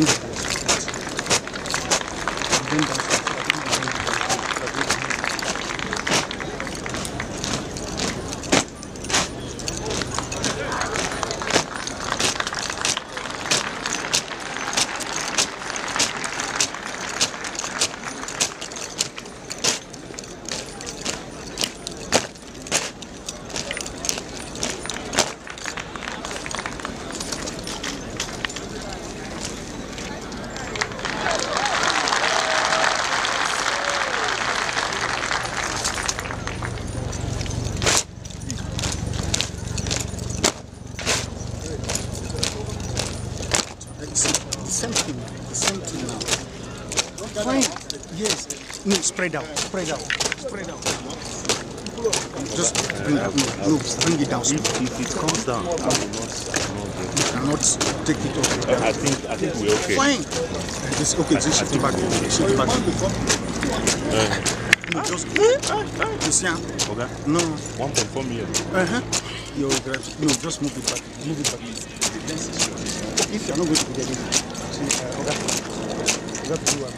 Thank you. Fine. Yes. No, spread out. Spread out. Spread out. Just bring it, no, no, bring it down. If, if it comes down, I will not. You cannot take it off. Uh, I think I think we're okay. Fine. It's okay. Just shift it back. Shift it back. Uh, no, just Christian. Ah? Okay. No. 1.4 million. Uh huh. Your grab. No, just move it back. Move it back. If you're not going to get it, uh, okay. закрыла.